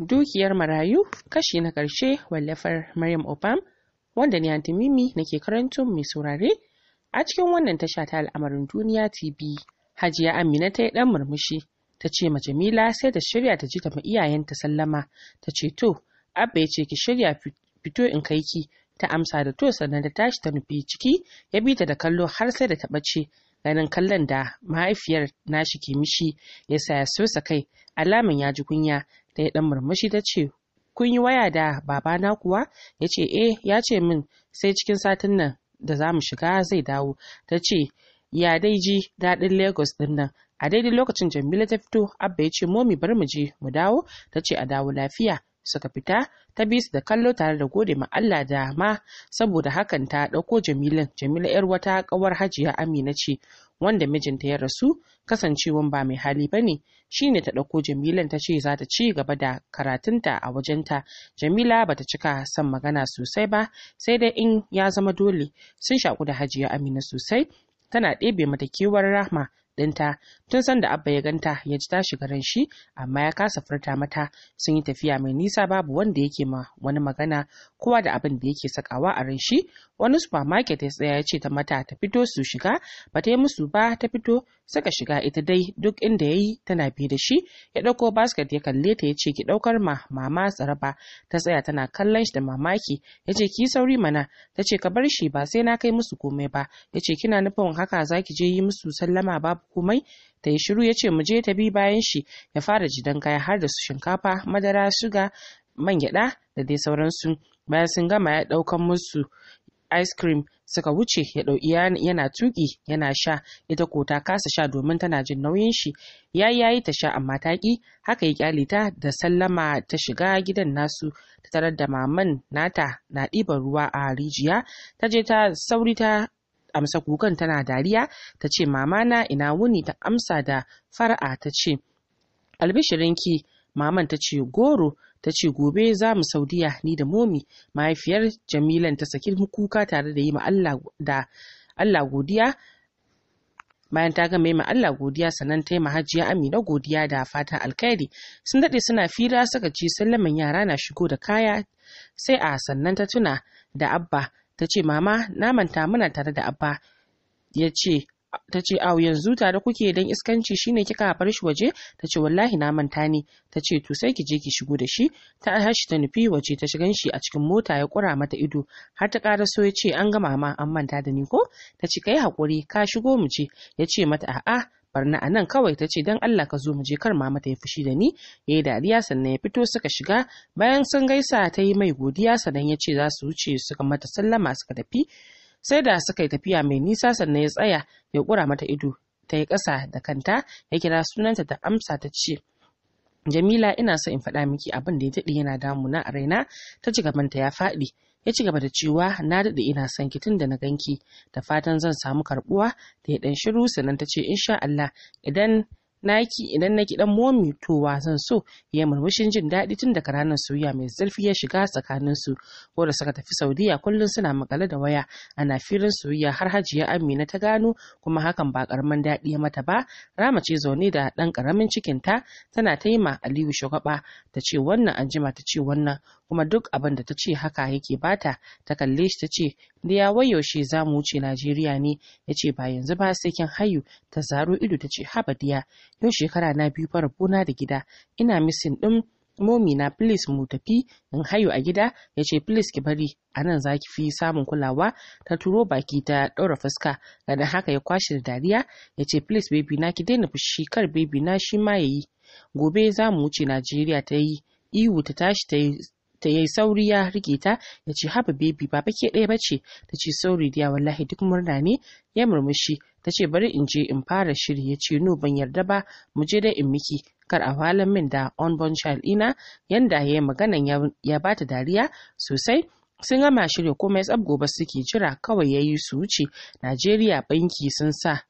Dukiyar Marayu kashi na ƙarshe wallafar Maryam Obam wanda ni na nake karantun mai saurare a cikin wannan tasha ta al'amarin duniya TV. Hajiya Amina ta yi ɗan murmushi ta ce ma Jamila sai ta shirya ta ji ta ma iyayenta sallama ta ce to Abba ya ce ki shirya fito in kai ki ta amsa da to sannan da tashi ta nufi ciki ya bi ta da kallo har sai da ta ɓace ganin kallon da mahaifiyar nashi ke mishi ya sa ya sosa kai alaman ya ji kunya ta yi ɗan murmushi ta ce kun yi waya da babana kuwa ya ce eh ya ce min sai cikin satin nan da za mu shiga zai dawo ta ce ya dai ji daɗin lagos ɗin nan a daidai lokacin jamila ta fito abba ya ce momi bari mu je mu dawo ta ce a dawo lafiya suka fita ta bi su da kallo tare da gode ma Allah da ma saboda hakan ta ɗauko jamilan Jamila yar wata ƙawar Hajiya Amina ce wanda mijinta ya rasu kasancewan ba mai hali ba ne shine ta ɗauko jamilan ta ce za ta ci gaba da karatunta a wajenta jamila ba ta cika son magana sosai ba sai dai in ya zama dole sun shaƙu da hajiya amina sosai tana ɗebe mata kewar rahma ɗinta tun sanda abba ya ganta ya ji tashi garin shi amma ya kasa furta mata sun yi tafiya mai nisa babu wanda yake ma wani magana kowa da abin da yake sakawa a ranshi? shi wani supermarket ya tsaya ya ce ta mata ta fito su shiga ba ta yi musu ba ta fito suka shiga ita dai duk inda ya yi tana bi da shi ya ɗauko basket ya kalle ta ya ce ki ɗaukar ma mama tsaraba ta tsaya tana kallon shi da mamaki ya ce ki sauri mana ta ce ka bar shi ba sai na kai musu komai ba ya ce kina nufin haka za ki je yi musu sallama babu komai ta yi shiru ya ce mu je ta bi bayan shi ya fara jidan kaya har da su shinkafa madara suga man gyada da dai sauransu bayan sun gama ya daukan musu ice cream suka wuce ya dau yana tuki yana sha ita ko ta kasa sha domin tana jin nauyin shi yayi yayi ta sha amma ta ki haka ya kyale ta da sallama ta shiga gidan nasu ta tarar da maman nata na ɗiban ruwa a rijiya ta je ta sauri ta amsa kukan tana dariya ta ce mama na ina wuni ta amsa da fara'a ta ce albishirinki maman ta ce goro ta ce gobe za mu saudiya ni da momi mahaifiyar jamilan ta saki kuka tare da yi ma allah godiya bayan ta gama ma Allah godiya sannan ta yi mahajiya Amina godiya da fata alkhairi sun daɗe suna fira suka ci sallaman yara na shigo da kaya sai a sannan ta tuna da abba ta ce mama na manta muna tare da abba ya ce ta ce au yanzu tare kuke dan iskanci shine kika bar shi waje ta ce wallahi na manta ne ta ce to sai ki je ki shigo da shi ta hashi ta nufi waje ta shigan shi a cikin mota ya kura mata ido har ta ƙara so ya ce an ga mama an manta da ni ko ta ce kai hakuri ka shigo mu je ya ce mata a'a barna a nan kawai ta ce don Allah ka zo mu je kar mama ta yi fushi da ni ya yi dariya sannan ya fito suka shiga bayan sun gaisa ta yi mai godiya sannan ya ce za su wuce suka mata sallama suka tafi sai da suka yi tafiya mai nisa sannan ya tsaya ya kura mata ido ta yi ƙasa da kanta ya kira sunanta ta amsa ta ce Jamila ina so in faɗa miki abin da ya daɗe yana damu na? a raina ta ci gabanta ya faɗi ya ci gaba da cewa na dade ina son ki da na ganki da fatan zan samu karbuwa da ya ɗan shiru sannan ta ce insha Allah idan naki idan naki dan momi wa zan so ya murmushin jin daɗi tun daga ranar soyayya mai zurfi ya shiga tsakanin su ko da suka tafi saudiya kullun suna makale da waya ana filin soyayya har hajiya amina ta gano kuma hakan ba karamin daɗi ya mata ba rama ce zaune da ɗan karamin cikin ta tana taima aliyu shugaba ta ce wannan anjima ta ce wannan kuma duk abin da ta ce haka yake bata ta kalle shi ta ce da ya wayaushe za mu wuce najeriya ne ya ce ba yanzu ba sai kin hayu ta zaro ido ta ce haba diya yau shekara na biyu fara gona da gida ina misin ɗin momi na please mu tafi in hayo a gida ya ce please ki bari a nan za ki fi samun kulawa ta turo baki ta ɗora fuska ganin haka ya kwashe da dariya ya ce please baby na ki daina fushi kar baby na shi ma ya yi gobe za mu wuce najeriya ta yi ihu ta tashi ta yi ta yayi sauri ya rike ta ya ce haba baby ba bake ɗaya ce?' ta ce sauri diya wallahi duk murna ne ya murmushi ta ce bari in je in fara shiri ya ce no ban yarda ba mu je dai in miki kar a walan min da unborn child ina yanda ya yi maganan ya bata dariya sosai sun gama shirya komai tsab gobe suke jira kawai ya yi su wuce najeriya banki sun sa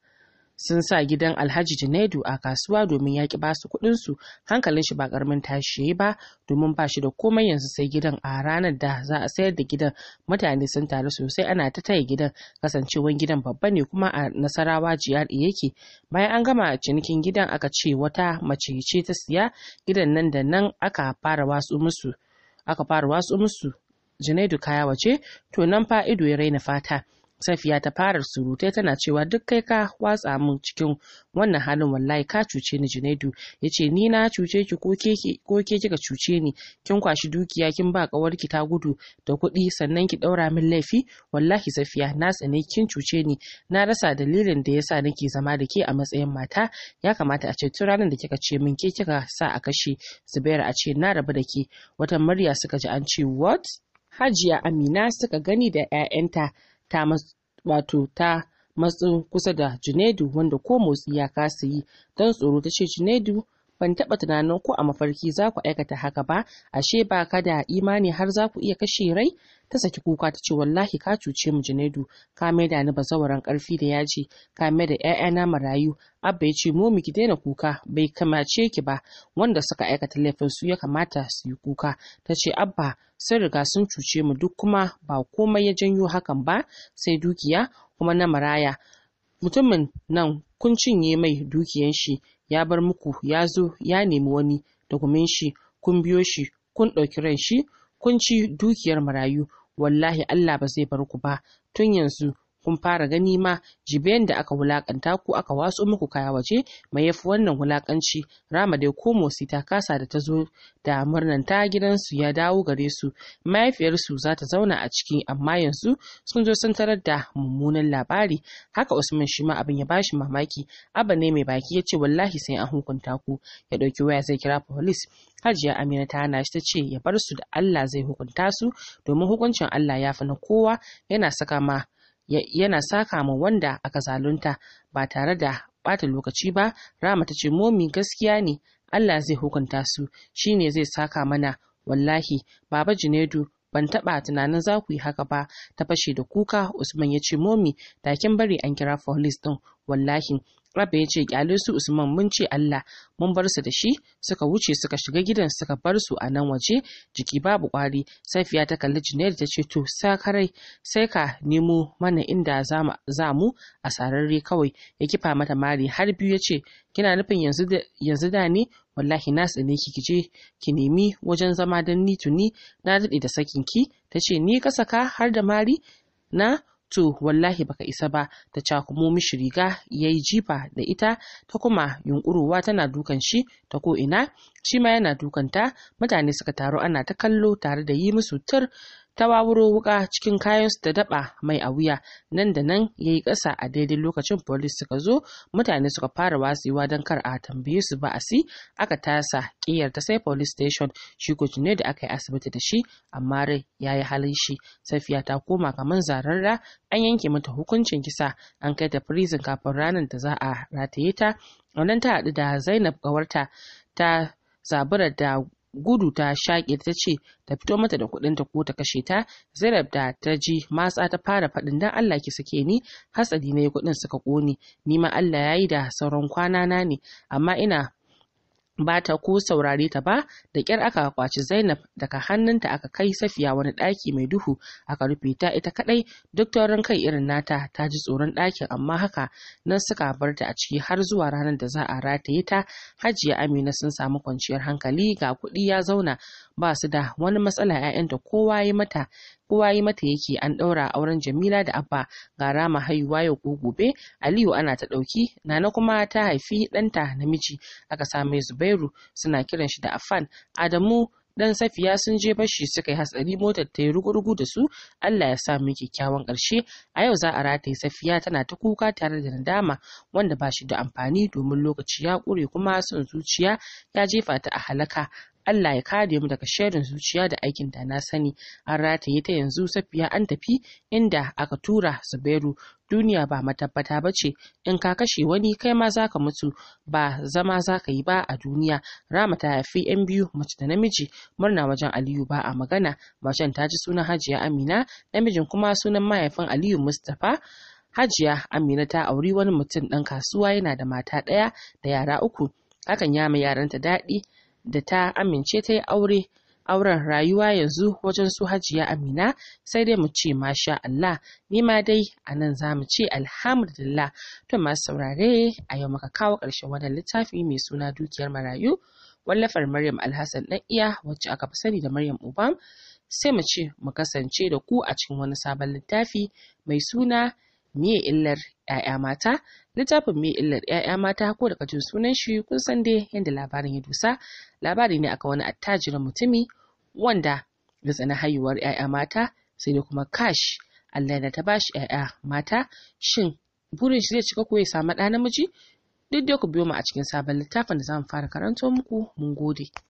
sun sa gidan alhaji junaidu a kasuwa domin ya ki ba su kuɗin su hankalin shi ba karamin tashi ya yi ba domin ba shi da komai yanzu sai gidan a ranar da za a sayar da gidan mutane sun taru sosai ana ta taya gidan kasancewan gidan babba ne kuma a nasarawa jiyar yake bayan an gama cinikin gidan aka ce wata mace ce ta siya gidan nan da nan aka fara watsu musu aka fara watsu musu Junaidu kaya wace to nan fa ido ya raina fata Safiya ta fara surutai tana cewa duk kai ka watsa mun cikin wannan halin wallahi ka cuce ni Junaidu yace ni na cuce ki ko ke ko ke kika cuce ni kin kwashi dukiya kin ba kawarki ta gudu da kuɗi sannan ki daura min laifi wallahi Safiya na tsane kin cuce ni na rasa dalilin da yasa nake zama da ke a matsayin mata ya kamata a ce tun ranar da kika ce min ke kika sa a kashe Zubair a ce na rabu da ke wata murya suka ji an ce what Hajiya Amina suka gani da 'ya'yanta ta wato ta matsu kusa da junaidu wanda ko motsi ya kasa yi don tsoro ta ce junaidu ban taɓa tunanin ko a mafarki za ku aikata haka ba ashe ba ka da imani har za ku iya kashe rai ta saki kuka ta ce wallahi ka cuce mu Junaidu ka maida ni bazawaran karfi da yaji ka maida ƴaƴana marayu abba ya ce mu mu ki daina kuka bai kamace ki ba wanda suka aikata laifin su ya kamata su yi kuka ta ce abba sun riga sun cuce mu duk kuma ba komai ya janyo hakan ba sai dukiya kuma na maraya mutumin nan kun cinye mai dukiyan shi ya bar muku ya zo ya nemi wani da kumin shi kun biyo shi kun ɗauki ran shi kun ci dukiyar marayu wallahi Allah ba zai bar ku ba tun yanzu kun fara gani ma jibiyan da aka wulakanta ku aka watso muku kaya waje mai yafi wannan wulakanci rama dai ko motsi ta kasa da ta zo da murnan ta gidansu ya dawo gare su mahaifiyarsu za ta zauna a ciki amma yanzu sun zo sun tarar da mummunan labari haka usman shi ma abin ya bashi mamaki abba ne mai baki ya ce wallahi sai an hukunta ku ya ɗauki waya zai kira police hajiya amina ta hana shi ta ce ya bar su da allah zai hukunta su domin hukuncin allah ya fi na kowa yana saka ma yana saka ma wanda aka zalunta ba tare da ɓata lokaci ba rama ta ce momi gaskiya ne allah zai hukunta su shi ne zai saka mana wallahi baba junaidu ban taɓa tunanin za ku yi haka ba ta fashe da kuka usman ya ce momi takin bari an kira folis din wallahi Rabba ya ce kyale su Usman mun ce Allah mun bar su da shi suka wuce suka shiga gidan suka bar su a nan waje jiki babu kwari Safiya ta kalli Junaid ta ce to sakarai sai ka nemo mana inda za mu a sararre kawai ya kifa mata mari har biyu ya ce kina nufin yanzu da ne wallahi na tsane ki kije ki nemi wajen zama don ni tuni na dade da sakin ki ta ce ni ka saka har da mari na to wallahi baka isa ba ta cakumo mishi riga ya yi jifa da ita ta kuma yunkurowa tana dukan shi ta ko ina shi ma yana dukanta mutane suka taru ana ta kallo tare da yi musu tur tawawuro wuka cikin kayansu da daba mai a wuya nan da nan ya yi ƙasa a daidai lokacin polis suka zo mutane suka fara watsewa don kar a tambaye su ba'asi aka tasa ƙiyar ta sai polis station shi ne da aka yi asibiti da shi amma rai ya yi halin shi safiya ta koma kamar zararra an yanke mata hukuncin kisa an kai ta prison kafin ranar da za a rataye ta wannan ta haɗu da zainab gawarta ta zabura da gudu ta shaƙe ta ce ta fito mata da kuɗin ta ko ta kashe ta zainab da ta ji matsa ta fara faɗin dan Allah ki sake ni hatsari ne kuɗin suka ƙone ni ma Allah yayi da sauran kwana na ne amma ina Ba ta ko saurare ta ba da kyar aka kwaci zainab daga hannunta aka kai safiya wani ɗaki mai duhu aka rufe ta ita kadai duk taurin kai irin nata ta ji tsoron ɗakin amma haka nan suka bar ta a ciki har zuwa ranar da za a rataye ta hajiya amina sun samu kwanciyar hankali ga kuɗi ya zauna ba su da wani matsala 'ya'yanta kowa ya mata kowa yi mata yake an ɗaura auren Jamila da Abba ga rama haihuwa yau ko gobe Aliyu ana ta ɗauki Nana kuma ta haifi ɗanta namiji aka same Zubairu suna kiran shi da Afan Adamu dan safiya sun je bashi suka yi hatsari motar ta yi rugurugu da su Allah ya sa mu kyakkyawan ƙarshe a yau za a rataye safiya tana ta kuka tare da nadama wanda ba shi da amfani domin lokaci ya ƙure kuma son zuciya ya jefa ta a halaka Allah ya kare mu daga sharin zuciya da aikin da na sani an rataye ta yanzu safiya an tafi inda aka tura zubairu duniya ba matabbata ba ce in ka kashe wani kai ma za ka mutu ba zama za ka yi ba a duniya rama ta haifi yan biyu mace da namiji murna wajen aliyu ba a magana macen ta ji sunan hajiya amina namijin kuma sunan mahaifin aliyu mustapha hajiya amina ta auri wani mutum ɗan kasuwa yana da mata ɗaya da yara uku hakan ya mai yaranta daɗi da ta amince ta yi aure auren rayuwa yanzu wajen su hajiya amina sai dai mu ce masha Allah ni ma dai a nan za mu ce alhamdulillah to masu saurare a yau muka kawo ƙarshen wannan littafi mai suna dukiyar marayu wallafar Maryam Alhassan ɗan iya wacce aka fi sani da Maryam Obam sai mu ce mu kasance da ku a cikin wani sabon littafi mai suna Miye illar ‘ya'ya mata littafin miye illar ‘ya'ya mata ko da jin sunan shi kun san dai yadda labarin ya dusa labari ne aka wani attajirin mutumi wanda ya tsana haihuwar ‘ya'ya mata sai dai kuma kash Allah da ta bashi ‘ya'ya mata shin burin shi zai cika ko ya samu ɗa namiji duk dai ku biyo mu a cikin sabon littafin da za mu fara karanto muku mun gode.